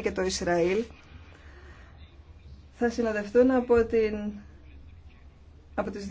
και το Ισραήλ θα συνοδευτούν από, την, από τις